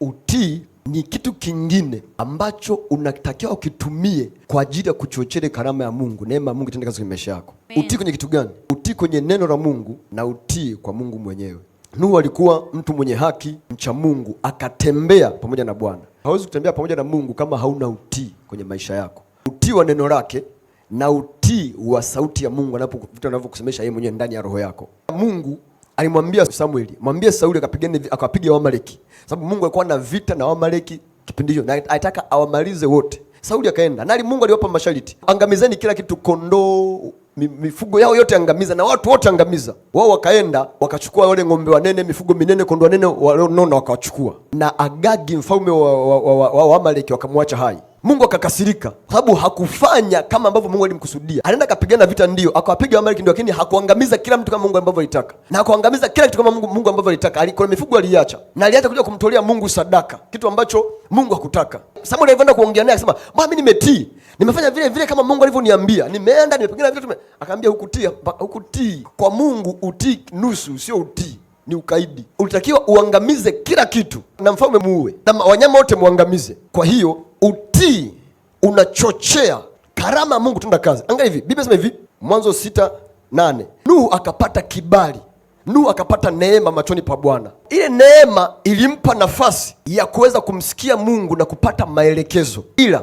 Utii ni kitu kingine ambacho unatakiwa ukitumie kwa ajili ya kuchochea karama ya Mungu, neema ya Mungu itende kazi kwenye maisha yako. Utii kwenye kitu gani? Utii kwenye neno la Mungu na utii kwa Mungu mwenyewe. Nuhu alikuwa mtu mwenye haki, mcha Mungu, akatembea pamoja na Bwana. Hawezi kutembea pamoja na Mungu kama hauna utii kwenye maisha yako, utii wa neno lake na utii wa sauti ya Mungu anapovitu anavyokusemesha yeye mwenyewe ndani ya roho yako Mungu alimwambia Samuel, mwambie Sauli akapigane akawapiga Waamaleki, sababu Mungu alikuwa na vita na Waamaleki kipindi hicho, na alitaka awamalize wote. Sauli akaenda, na Mungu aliwapa mashariti angamizeni kila kitu, kondoo, mifugo yao yote angamiza na watu wote angamiza. Wao wakaenda wakachukua wale ng'ombe wanene, mifugo minene, kondoo wanene walionona, wakawachukua na Agagi mfalme wa, wa, wa, wa, wa Amaleki wakamwacha hai. Mungu akakasirika kwa sababu hakufanya kama ambavyo Mungu alimkusudia. Alienda akapigana vita, ndio akawapiga Amaleki, ndio, lakini hakuangamiza kila mtu kama Mungu ambavyo alitaka, na hakuangamiza kila kitu kama Mungu ambavyo alitaka. Alikuwa mifugo aliacha, na aliacha kuja kumtolea Mungu sadaka, kitu ambacho Mungu hakutaka. Samuel alivyoenda kuongea naye akasema, "Mimi nimetii. Nimefanya vile vile kama Mungu alivyoniambia. Nimeenda nimepigana vita tume." Akaambia hukutii, hukutii. Kwa Mungu utii nusu, sio utii ni ukaidi. Ulitakiwa uangamize kila kitu na mfalme muue na wanyama wote muangamize. Kwa hiyo utii unachochea karama ya Mungu tunda kazi. Angalia hivi, Biblia inasema hivi, Mwanzo sita nane Nuhu akapata kibali Nuhu akapata neema machoni pa Bwana. Ile neema ilimpa nafasi ya kuweza kumsikia Mungu na kupata maelekezo, ila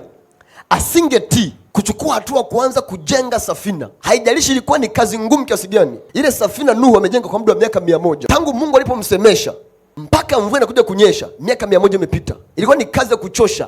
asingetii kuchukua hatua kuanza kujenga safina. Haijalishi ilikuwa ni kazi ngumu kiasi gani, ile safina Nuhu amejenga kwa muda wa miaka mia moja tangu Mungu alipomsemesha mpaka mvua inakuja kunyesha, miaka mia moja imepita. Ilikuwa ni kazi ya kuchosha.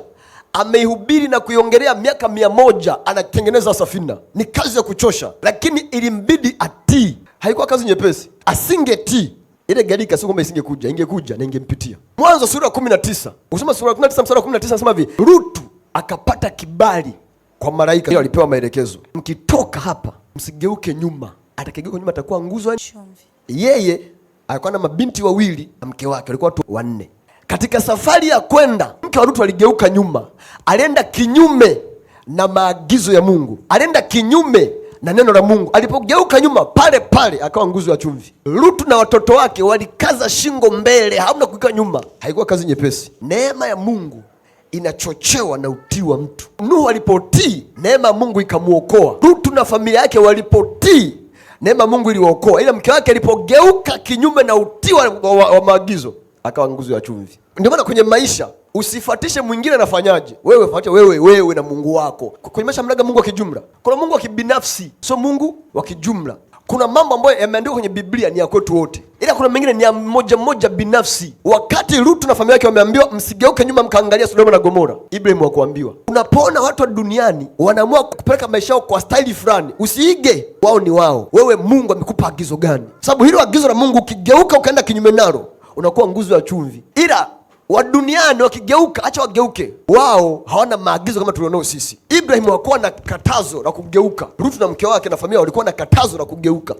Ameihubiri na kuiongelea miaka mia moja, anatengeneza safina. Ni kazi ya kuchosha, lakini ilimbidi atii. Haikuwa kazi nyepesi asingetii ile gharika, sio kwamba isingekuja, ingekuja na ingempitia. Mwanzo sura ya 19, usoma sura ya 19 mstari wa 19 nasema hivi, Rutu akapata kibali kwa malaika, ile alipewa maelekezo, mkitoka hapa msigeuke nyuma. Atakigeuka nyuma atakuwa nguzo chumvi. Yeye alikuwa na mabinti wawili na mke wake, walikuwa watu wanne. Katika safari ya kwenda, mke wa Rutu aligeuka nyuma, alienda kinyume na maagizo ya Mungu, alienda kinyume na neno la Mungu. Alipogeuka nyuma pale pale akawa nguzo ya chumvi. Lutu na watoto wake walikaza shingo mbele, hamna kuika nyuma. Haikuwa kazi nyepesi. Neema ya Mungu inachochewa na utii wa mtu. Nuhu alipotii, neema ya Mungu ikamwokoa. Lutu na familia yake walipotii, neema ya Mungu iliwaokoa, ila mke wake alipogeuka kinyume na utii wa, wa, wa maagizo akawa nguzo ya chumvi. Ndio maana kwenye maisha Usifatishe mwingine anafanyaje, wewe fuata wewe, wewe na Mungu wako. Kwenye maisha mnaga Mungu wa kijumla, kuna Mungu wa kibinafsi, sio Mungu wa kijumla. Kuna mambo ambayo yameandikwa kwenye Biblia ni ya kwetu wote, ila kuna mengine ni ya moja mmoja binafsi. Wakati Lutu na familia yake wameambiwa msigeuke nyuma mkaangalia Sodoma na Gomora, Ibrahimu wakuambiwa Unapoona watu wa duniani wanaamua kupeleka maisha yao kwa staili fulani, usiige, wao ni wao. Wewe, Mungu amekupa agizo gani? Sababu hilo agizo la Mungu ukigeuka ukaenda kinyume nalo, unakuwa nguzo ya chumvi, ila wa duniani wakigeuka, acha wageuke, wao hawana maagizo kama tulionao sisi. Ibrahimu hakuwa na katazo la kugeuka. Ruth na mke wake na familia walikuwa na katazo la kugeuka.